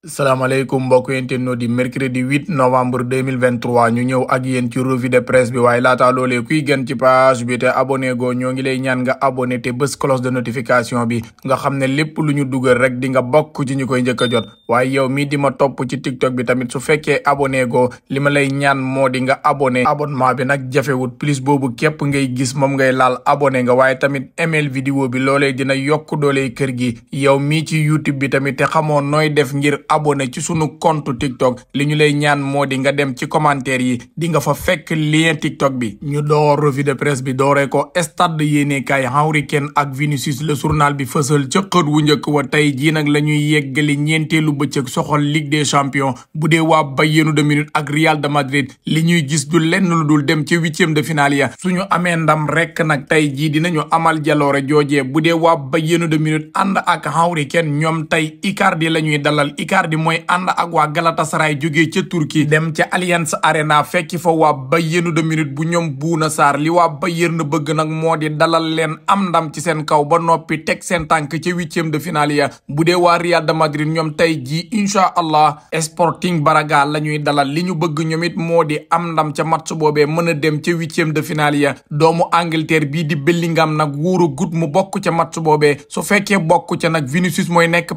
salaamaaleykum mbokk internet di mercredi 8 novembre 2023 ñu ñëw ak yéen ci revue de presse bi waaye laata loolee kuy gën ci page bi te abonné go ñoo ngi lay ñaan nga abonné te bés cloche de notification bi nga xam ne lépp lu ñu dugal rek di nga bokk ci ñu koy njëkk a jot waaye yow mii dima topp ci tiktok bi tamit su fekkee abone go li ma lay ñaan moo di nga abonné abonnement bi nag jafewut plus boobu képp ngay gis moom ngay laal abone nga waaye tamit email vidéo bi loolee dina yokk doole kër gi yow mii ci youtube bi tamit te nooy def ngir abonné ci sunu compte TikTok li ñu lay ñaan moo di nga dem ci commentaire yi di nga fa fekk lien TikTok bi ñu door revue de presse bi dooree ko stade yéenekaay Harry kenn ak Vinicius le journal bi fësal ca xët wu njëkk wa tey jii nag la ñuy yeggali ñeenteelu bëccëg soxol Ligue des champions bu dee waa Bayern de Munich ak Real de Madrid li ñuy gis du lenn lu dul dem ci huitième de finale ya suñu amee ndam rek nag tey jii dinañu amal jaloore joojee bu dee waa Bayern de Munich ànd ak Harry ñoom tey Icardi la ñuy dalal Icardi mooy ànd ak waa Galatasaray jógee ca Turquie dem ca Allianz Arena fekki fa waa Bayern de Munich bu ñoom Bouna Sarr li waa Bayern na bëgg nag moo di dalal leen am ndam ci seen kaw ba noppi teg seen tànk ca huitième de finale ya bu dee waa Real de Madrid ñoom tey jii inchaa allah Sporting Braga la ñuy dalal li ñu bëgg ñoom it moo di am ndam ca match boobee mën a dem ca huitième de finale ya doomu Angleterre bii di Bellingham nag wóoru gut mu bokk ca match boobee su fekkee bokk ca nag Vinicius nekk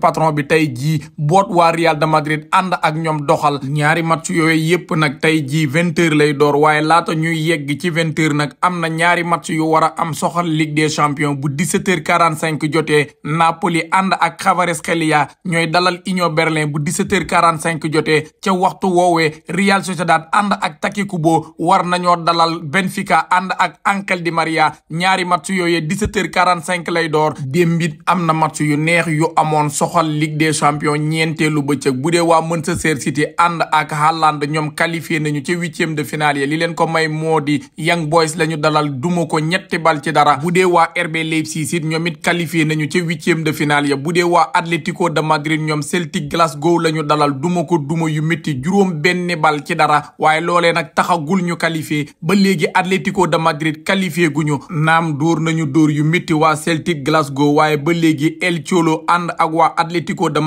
Real de Madrid ànd ak ñoom doxal ñaari match yooyu yépp nag tey jii vingt heures lay door waaye laata ñuy yegg ci vingt heures nag am na ñaari match yu war a am soxal Ligue des champions bu dix-sept heures quarante-cinq jotee Napoli ànd ak Kvaratskhelia ñooy dalal Union Berlin bu dix-sept heures quarante-cinq jotee ca waxtu woowee Real Sociedad ànd ak Taki Kubo war nañoo dalal Benfica ànd ak Ángel Di María ñaari match yooyu dix-sept heures quarante-cinq lay door démb it am na match yu neex yu amoon soxal bëccëg bu dee waa Manchester City ànd ak Haaland ñoom qualifié nañu ci huitième de finale yi li leen ko may moo di Young Boys la ñu dalal duma ko ñetti bal ci dara bu dee waa RB Leipzig it ñoom nañu ci huitième de finale ya bu dee waa Atlético de Madrid ñoom Celtic Glasgow la ñu dalal duma ko duma yu métti juróom benn bal ci dara waaye loolee nag taxagul ñu ba léegi Atlético de Madrid qualifié guñu naam dóor nañu dóor yu métti waa Celtic Glasgow waaye ba léegi El Cholo ànd ak waa Atlético de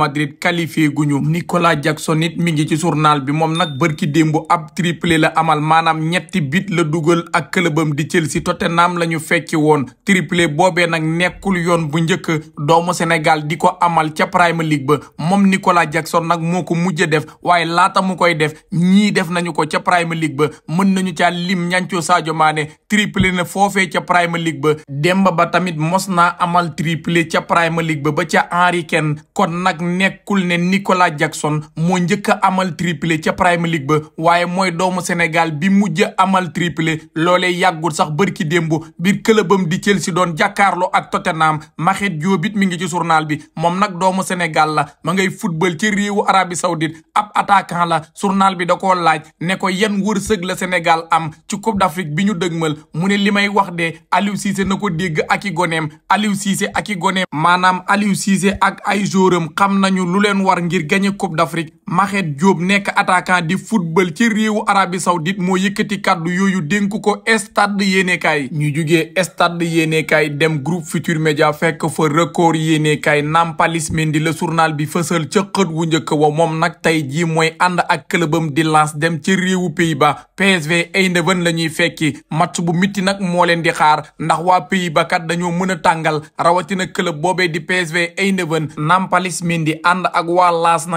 guñu Nicolas Jackson it mi ngi ci journal bi moom nag bërki démb ab triplé la amal maanaam ñetti bit la dugal ak këlëbam di Chelsea Tottenham la ñu fekki woon triplé boobee nag nekkul yoon bu njëkk doomu Sénégal di ko amal ca Premier League ba moom Nicolas Jackson nag moo ko mujj def waaye laata mu koy def ñii def nañu ko ca Premier League ba mën nañu ca lim ñancoo Sadio Mané triplé na foofee ca Premier League ba Demba Ba tamit mos na amal triplé ca Premier League ba ba ca Henry Nicolas Jackson mo njëkk a amal triplé ca Premier League ba waaye mooy doomu Sénégal bi mujj amal triplé loolee yàggul sax bërki démb biir këlëbam di Chelsea doon jàkkaarloo ak Tottenham Maxet Diop it mi ngi ci journal bi moom nag doomu Sénégal la ma ngay football ci réewu Arabie Saoudite ab attaquant la journal bi da koo laaj ne ko yan wërsëg la Sénégal am ci Coupe d'Afrique bi ñu dëgmal mu ne li may wax de Aliou Cissé na ko dégg ak goneem Aliou Cissé ak goneem maanaam ngir gagné coupe d'Afrique Maxet Diop nekk attaquant di football ci réewu Arabie Saoudite moo yëkkati kàddu yooyu dénk ko stade yéenekaay ñu jugee stade yéenekaay dem groupe Futur Média fekk fa record yéenekaay Nampalys Mendy la journal bi fësal ca xët wu njëkk wa moom nag tey jii mooy ànd ak clubam di Lens dem ci réewu ba bas PSV Eindhoven la ñuy fekki match bu mitti nag moo leen di xaar ndax waa Pays-Bas kat dañoo mën a tàngal rawatina club boobee di PSV Eindhoven Nampalys Mendy ànd ak waa Lens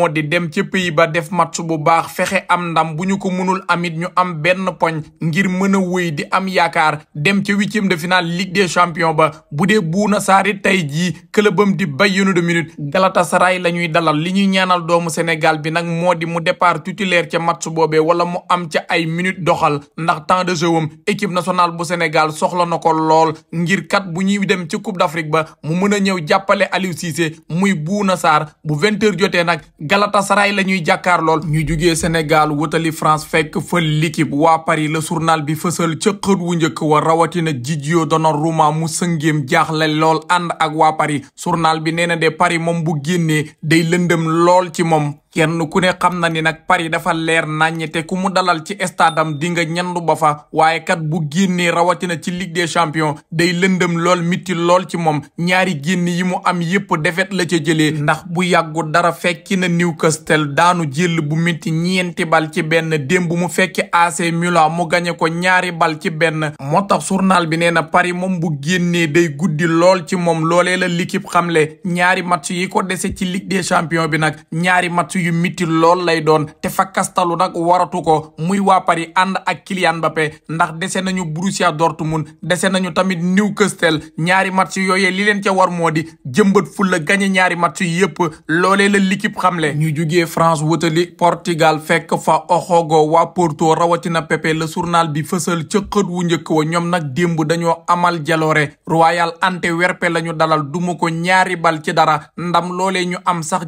moo dem ci pays ba def match bu baax fexe am ndam bu ñu ko mënul amit ñu am benn poñ ngir mën a wéy di am yaakaar dem ca huitième de finale Ligue des champions ba bu dee Bouna Sarr it tey jii këlëbam di bay Bayern de Munich Galatasaray la ñuy dalal li ñuy ñaanal doomu Sénégal bi nag moo di mu départ titulaire ca match boobe wala mu am ca ay minutes doxal ndax temps de jeu am équipe nationale bu Sénégal soxla na ko lool ngir kat bu ñuy dem ci Coupe d'Afrique ba mu mën a ñëw jàppale Aliou Cissé muy Bouna nag Galatasaray la ñuy jàkkaar lool ñu jugee Sénégal wutali France fekk fa l'équipe waa pari la surnal bi fësal ca wu njëkk wa rawatina Gigio Donnarumma mu sëngéem jaaxle lool ànd ak waa pari surnal bi nee na de Paris moom bu génnee day lëndëm lool ci moom kenn ku ne xam na ni nag Paris dafa leer naññ te ku mu dalal ci stade am di nga ñandu ba fa waaye kat bu génnee rawatina ci Ligue champion day lëndëm lool mitti lool ci moom ñaari génn yi mu am yépp défaite la ca jëlee ndax bu yàggu dara fekki na Newcastle daanu jël bu mitti ñeenti bal ci benn démb mu fekki AC Milan mu gañe ko ñaari bal ci benn moo tax journal bi nee na Paris moom bu génnee day guddi lool ci moom loolee la l'équipe xamle ñaari match yi ko dese ci Ligue des bi nag défi yu mitti lool lay doon te fa kastalu nag waratu ko muy wa Paris ànd ak Kylian Mbappé ndax dese nañu Borussia mun dese nañu tamit Newcastle ñaari match yooyee li leen ca war moo di jëmbat ful la gagné ñaari match yi yëpp loolee la l'équipe xamle. ñu jugee France wutali Portugal fekk fa oxogo wa Porto rawatina Pepe la journal bi fësal ca wu njëkk wa ñoom nag démb dañoo amal jaloore Royal Antwerp la ñu dalal duma ko ñaari bal ci dara ndam loolee ñu am sax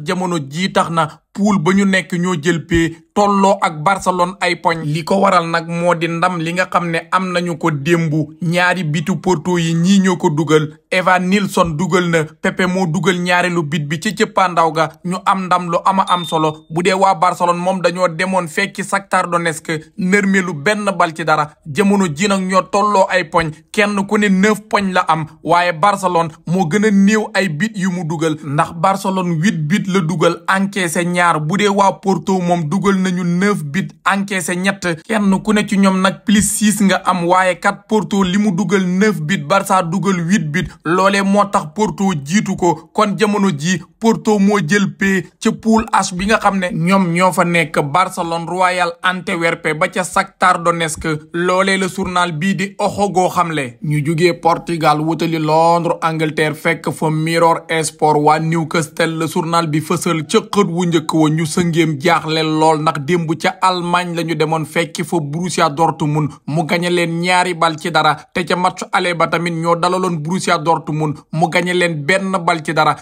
poule ba ñu nekk ñoo jël pee tolloo ak Barcelone ay poñ li ko waral nag moo di ndam li nga xam ne am nañu ko démbu ñaari bitu Porto yi ñii ñoo ko dugal Evan Nilsson dugal na Pepe moo dugal ñaareelu bit bi ci ndaw ga ñu am ndam lu ama am solo bu dee waa Barcelone moom dañoo demoon fekki Shakhtar Donetsk nërmelu benn bal ci dara jamono ji nag ñoo tolloo ay poñ kenn ku ne neuf poñ la am waaye Barcelone moo gën a néew ay bit yu mu dugal ndax Barcelone huit bit la dugal encaissé ñaar bu dee waa moom dugal nañu neuf bit encaissé ñett kenn ku ne ci ñoom nag plus six nga am waaye kat Porto li mu dugal neuf bit Barça dugal huit bit loolee moo tax Porto jiitu ko kon jamono ji Porto moo jël pee ca poule H bi nga xam ne ñoom ñoo fa nekk Barcelone Royal Antwerp ba ca Shakhtar Donetsk loole la surnal bii di oxo goo xamle ñu jugee Portugal wutali Londres Angleterre fekk fa Mirror Sport waa Newcastle la journal bi fësal ca xët wu njëkk wa ñu jaax jaaxle lool ndax démb ca Allemagne la ñu demoon fo fa Borussia mun mu gañe leen ñaari bal ci dara te ca match aller ba tamit ñoo dalaloon Borussia mun mu gañe leen benn bal ci dara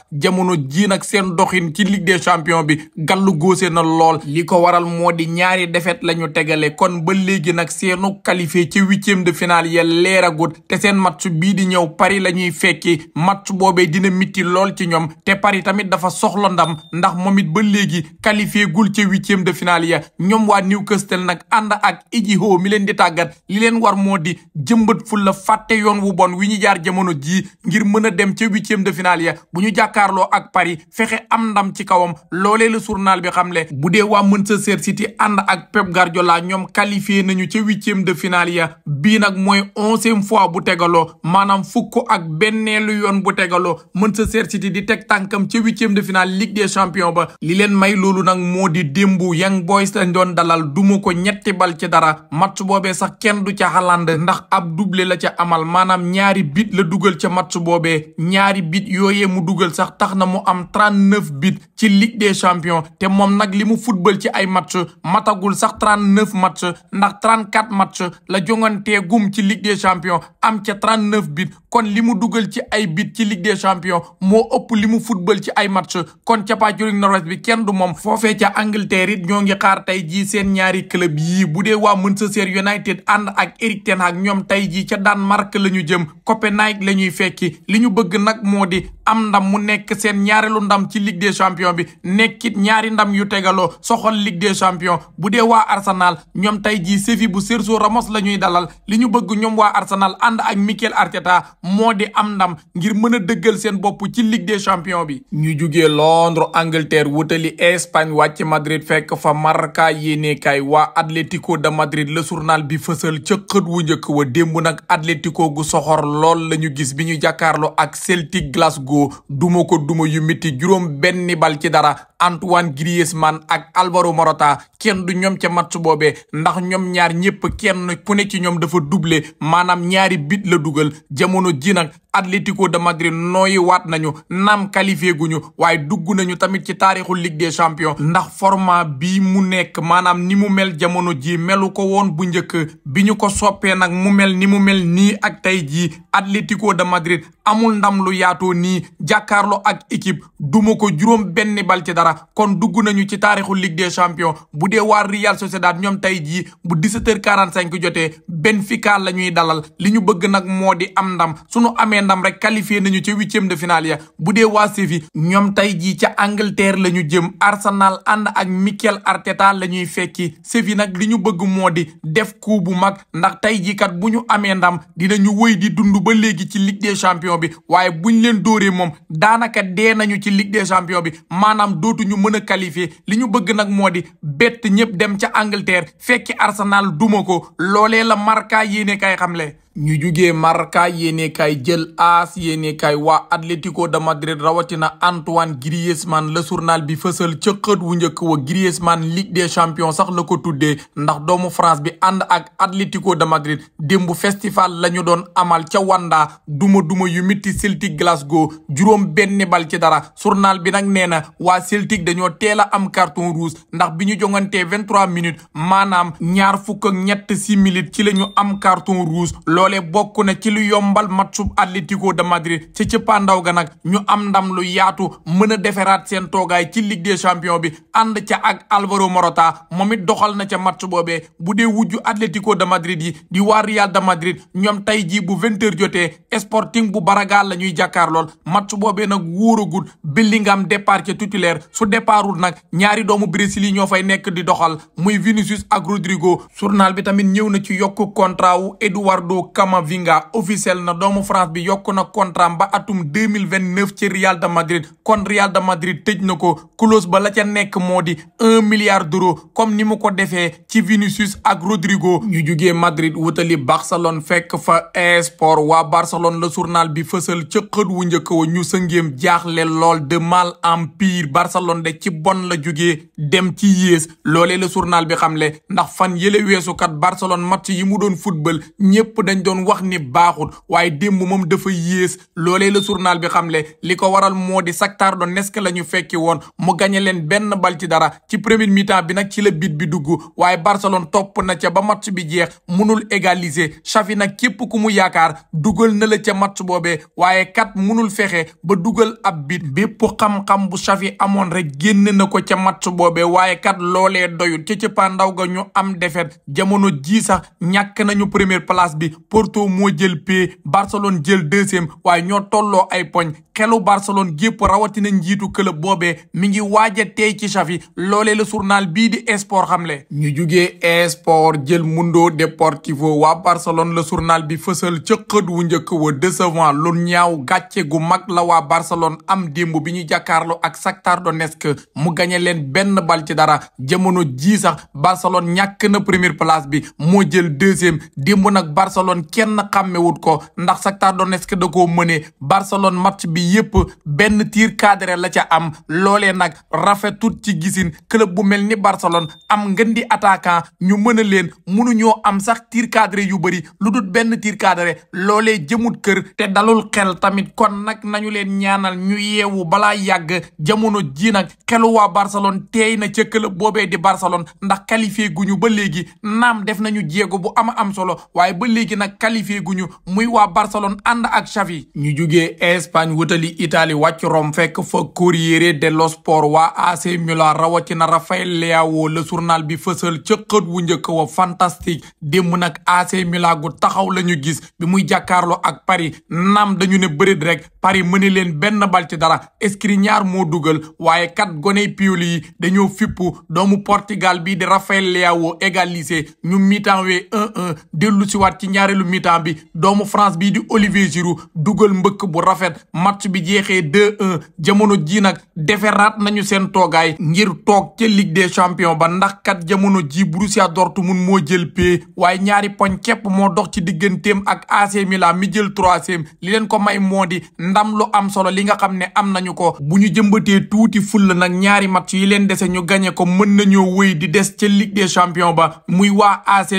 nag seen doxin ci ligue des champions bi gàllu góose na lool li ko waral moo di ñaari défaite la ñu tegale kon ba léegi nag seenu qualifié ci huitième de finale ya leeragut te seen match bii di ñëw Paris la ñuy fekki match boobe dina mitti lool ci ñoom te Paris tamit dafa soxla ndam ndax moom ba léegi qualifié gul ci huitième de finale ya ñoom waa Newcastle nag ànd ak Ejiho mi leen di tàggat li leen war moo di jëmbat fu la fàtte yoon wu bon wi ñu jaar jamono jii ngir mën a dem ca huitième de fexe am ndam ci kawam loole la surnal bi xam xamle bu dee waa Manchester City ànd ak Pep Guardiola ñoom qualifié nañu ca huitième de finale ya bii nag mooy onzième fois bu tegaloo maanaam fukk ak benneelu yoon bu tegaloo Manchester City di teg tànkam ca huitième de finale Ligue des champions ba li leen may loolu nag moo di démbu Young Boys lañ doon dalal duma ko ñetti bal ci dara match boobee sax kenn du ca Haaland ndax ab doublé la ca amal maanaam ñaari bit la dugal ca match boobee ñaari bit yooyee mu dugal sax tax na mu am 39 but ci ligue des champions te moom nag li mu football ci ay match matagul sax 39 match ndax 34 match la jongantee gum ci ligue des champions am ca 39 but kon li mu dugal ci ay bit ci ligue des champions moo ëpp li mu football ci ay match kon capaacurig Norvège bi kenn du moom foofee ca Angleterre it ñoo ngi xaar tey jii seen ñaari club yii bu dee waa Manchester United ànd ak Erik ak Hag ñoom tey jii ca Danemark la ñu jëm Copenhague la ñuy fekki li ñu bëgg nag moo di am nekk ñaareelu ndam ci ligue des champions bi nekkit ñaari ndam yu tegalo soxal ligue des champions bu dee waa Arsenal ñoom tey jii Séville bu Sergio Ramos la ñuy dalal li ñu bëgg ñoom waa Arsenal ànd ak Mikel Arteta moo di am ndam ngir mën a dëggal seen bopp ci ligue des champions bi. ñu jugee Londres Angleterre wutali Espagne wàcc Madrid fekk fa Marca yéene kay waa Atlético de Madrid le journal bi fësal ca wu njëkk wa démb nag Atlético gu soxor lool la gis bi ñu ak yëkkati juróom benni bal ci dara Antoine man ak Alvaro Morata kenn du ñoom ca match boobee ndax ñoom ñaar ñëpp kenn ku ne ci ñoom dafa doublé maanaam ñaari bit la dugal jamono ji nag Atlético de Madrid nooyi waat nañu naam qualifié guñu waaye dugg nañu tamit ci taarixu Ligue des Champions ndax format bi mu nekk maanaam ni mu mel jamono ji melu ko woon bu njëkk bi ñu ko soppee nag mu mel ni mu mel nii ak tey jii Atlético de Madrid amul ndam lu yaatoo nii jàkkaarloo ak équipe duma ko juróom benn bal ci dara kon dugg nañu ci taarixu Ligue des champions bu dee waa Real Sociedad ñoom tey jii bu 17h45 jotee Benfica la ñuy dalal li ñu bëgg nag moo di am ndam suñu amee ndam rek qualifié nañu ci huitième de finale ya bu dee waa Séville ñoom tey jii ca Angleterre la ñu jëm Arsenal ànd ak Mikel Arteta la ñuy fekki Séville nag li ñu bëgg moo di def coup bu mag ndax tey jii kat bu ñu amee ndam dinañu wëy di dund ba léegi ci Ligue des bi waaye ci ci ligue des champions bi maanaam dootu ñu mën a qualifier li ñu bëgg nag moo di bett ñëpp dem ca Angleterre fekki Arsenal duma ko loolee la Marca yéene kay xam le ñu jugee Marca yéenekaay jël AS yéenekaay waa Atlético de Madrid rawatina Antoine Griezmann la surnal bi fësal ca wu njëkk wa Griezmann Ligue des champion sax la ko tuddee ndax doomu France bi ànd ak Atlético de Madrid démb festival la ñu doon amal ca Wanda duma duma yu mitti Celtic Glasgow juróom benn bal ci dara journal bi nag nee na waa Celtic dañoo teel a am carton rouge ndax bi ñu jongantee vingt-trois minutes maanaam ñaar fukk ak ñett simili ci la ñu am carton rouge loolee bokk na ci lu yombal matsub Atlético de Madrid ci cëppaandaw ga nag ñu am dam lu yaatu mën a deferaat seen toogaay ci Ligue des champions bi ànd ca ak Alvaro Morata moom it doxal na ca match boobee bu dee wujju Atlético de Madrid yi di waar Real de Madrid ñoom tey jii bu vingt heures jotee Sporting bu Braga la ñuy jàkkaar lool match boobee nag wóoragul Bellingham départ ca titulaire su départul nag ñaari doomu Brésil yi ñoo fay nekk di doxal muy Vinicius ak Rodrigo journal bi tamit ñëw Camavinga officiel na doomu France bi yokk na contrat ba atum deux mille vingt neuf ci Real de Madrid kon Real de Madrid tëj na ko clause ba la ca nekk moo di un milliard d'euros comme ni mu ko defee ci Vinicius ak Rodrigo. ñu jugee Madrid wutali Barcelone fekk fa esport waa Barcelone la journal bi fësal ca xët wu njëkk wa ñu sëngéem jaaxle lool de mal en pire Barcelone de ci bon la jugee dem ci yées loole la journal bi xamle ndax fan yële weesu kat Barcelone yi mu doon football lañ doon wax ni baaxut waaye démb moom dafa yées loole la journal bi xam xamle li ko waral moo di Shakhtar Donetsk la ñu fekki woon mu gañe leen benn bal ci dara ci premier mi bi nag ci la bit bi dugg waaye Barcelone topp na ca ba match bi jeex munul égaliser Xavi nag képp ku mu yaakaar dugal na la ca match boobee waaye kat munul fexe ba dugal ab bit bépp xam-xam bu Xavi amoon rek génne na ko ca match boobe waaye kat loolee doyul ca ca pandaw ga ñu am defet jamono ji sax ñàkk nañu première place bi Porto moo jël pee Barcelone jël deuxième waaye ñoo tolloo ay poñ xelu Barcelone gépp rawatina njiitu club boobee mi ngi waaj a tey ci Xavi loolee la journal bii di esport xamle. ñu jugee esport jël Mundo Deportivo waa Barcelone la journal bi fësal ca wu njëkk wa décevant lu ñaaw gàcce gu mag la waa Barcelone am démb bi ñu jàkkaarloo ak Shakhtar Donetsk mu gañe leen benn bal ci dara jamono jiisax sax Barcelone ñàkk na première place bi moo jël deuxième démb nag Barcelone kenn xàmmewut ko ndax Shakhtar Donetsk da koo mëne bi yépp benn tiir cadré la ca am loole nag rafetut ci gisin club bu mel ni Barcelone am ngën di attaquant ñu mën a leen mënuñoo am sax tiir cadré yu bëri lu dul benn tir cadré loolee jëmut kër te dalul xel tamit kon nag nañu leen ñaanal ñu yeewu balaa yàgg jamono ji nag xelu waa Barcelone teey na ca club boobee di Barcelone ndax qualifié ñu ba léegi naam def nañu jéego bu am am solo waaye ba léegi nag qualifié guñu muy waa Barcelone ànd ak Xavi ñu wutali Italie wàcc Rome fekk fa Corriere dello Sport waa AC Milan rawatina Rafael Leao le bi fësal ca xët wu njëkk wa fantastique démb nag AC Milan gu taxaw la ñu gis bi muy jàkkaarloo ak Paris naam dañu ne bërit rek Paris mëne leen benn bal ci dara Skriniar moo dugal waaye kat goney Pioli yi dañoo fippu doomu Portugal bi di Rafael Leao égalisé ñu mi-temps wee 1-1 dellu si waat ci ñaareelu mi-temps bi doomu France bi di Olivier Giroud dugal mbëkk bu rafet match bi jeexee 2-1 jamono ji nag deferaat nañu seen toogaay ngir toog ca Ligue des champion ba ndax kat jamono ji Borussia Dortmund moo jël pee waaye ñaari poñ képp moo dox ci digganteem ak AC Milan mi jël troisième li leen ko moo di ndam lu am solo li nga xam ne am nañu ko bu ñu jëmbatee tuuti fulla nag ñaari match yi leen dese ñu gañe ko mën nañoo wéy di des ca ligue des champions ba muy waa AC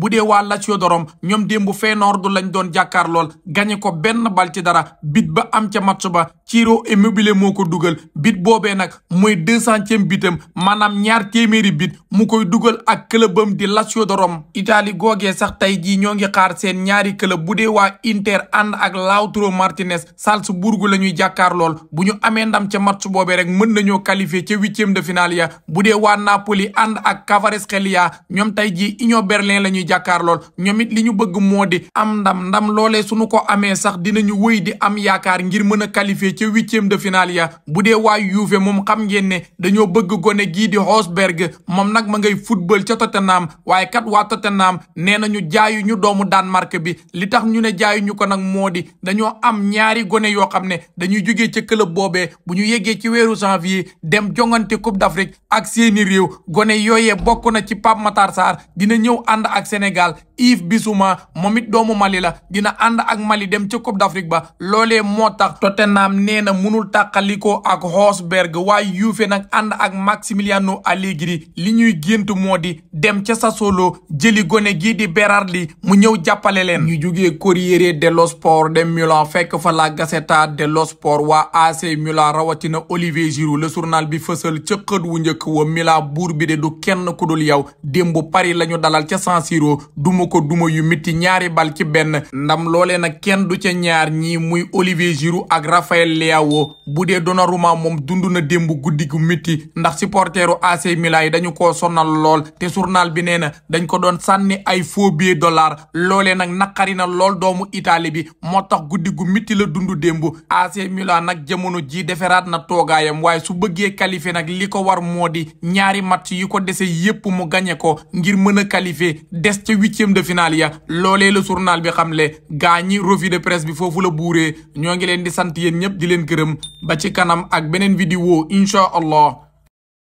bu dee waa Lazio dorom ñoom démb Feyenoord lañ doon jàkkaar lool gañe ko benn bal ci dara bit ba am ca match ba Ciro Immobile moo ko dugal bit boobee nag mooy deux centième bitam maanaam ñaar téeméeri bit mu koy dugal ak clubam di Lazio de Rome Italie googee sax tey jii ñoo ngi xaar seen ñaari club bu dee waa Inter ànd ak Lautaro Martinez Salzbourg la ñuy jàkkaar lool bu ñu amee ndam ca match boobee rek mën nañoo qualifié ca huitième de finale ya bu dee waa Napoli ànd ak Kvaratskhelia ñoom tey jii Union Berlin la ñuy jàkkaar lool ñoom it li ñu bëgg moo di am ndam ndam loolee suñu ko amee sax dinañu wëy di am yaakaar ngir mën a qualifié ca huitième de finale ya bu dee waa Juve moom xam ngeen ne dañoo bëgg gone gii di Hosberg moom nag ma ngay football ca Tottenham waaye kat waa Tottenham nee nañu jaayu ñu doomu Danemark bi li tax ñu ne jaayu ñu ko nag moo di dañoo am gone yoo xam ne dañuy jógee ca club boobee bu ñu yeggee ci weeru janvier dem jongante coupe d'Afrique ak seeni réew gone yooyee bokk na ci Pape dina ñëw ànd ak Sénégal Yves Bissouma moom it doomu Mali la dina ànd ak Mali dem ca Coupe d'Afrique ba loolee moo tax Tottenham nee na munul tàqalikoo ak Hosberg waaye Juve nag ànd ak Maximiliano Allegri li ñuy gént moo di dem ca solo jëli gone gii di Berardi mu ñëw jàppale leen ñu jugee Corriere dello Sport dem Milan fekk fa la Lacazette dello sport waa AC Milan rawatina Olivier Giroud le journal bi fësal ca xët wu njëkk wa mila buur bi de du kenn ku dul yow démb Paris la ñu dalal ca San Siro duma ko duma yu miti ñaari bal ci benn ndam loolee nag kenn du ce ñaar ñi muy Olivier Giroud ak Raphaël Leao bu dee Donnarumma moom dund na démb guddi gu miti ndax supporteru AC Milan yi dañu ko sonal lool te journal bi nee na dañ ko doon sànni ay faux billets dollar loolee nag naqari na lool doomu Italie bi la dund du démb AC Milan nag jamono ji deferaat na toogaayam waaye su bëggee qualifié nag li ko war moo di ñaari match yi ko dese yépp mu gañe ko ngir mën a qualifié des ca huitième de finale ya loolee la journal bi xamle gaa ñi revue de presse bi foofu la buuree ñoo ngi leen di sant yéen ñëpp di leen gërëm ba ci kanam ak beneen vidéo incha allah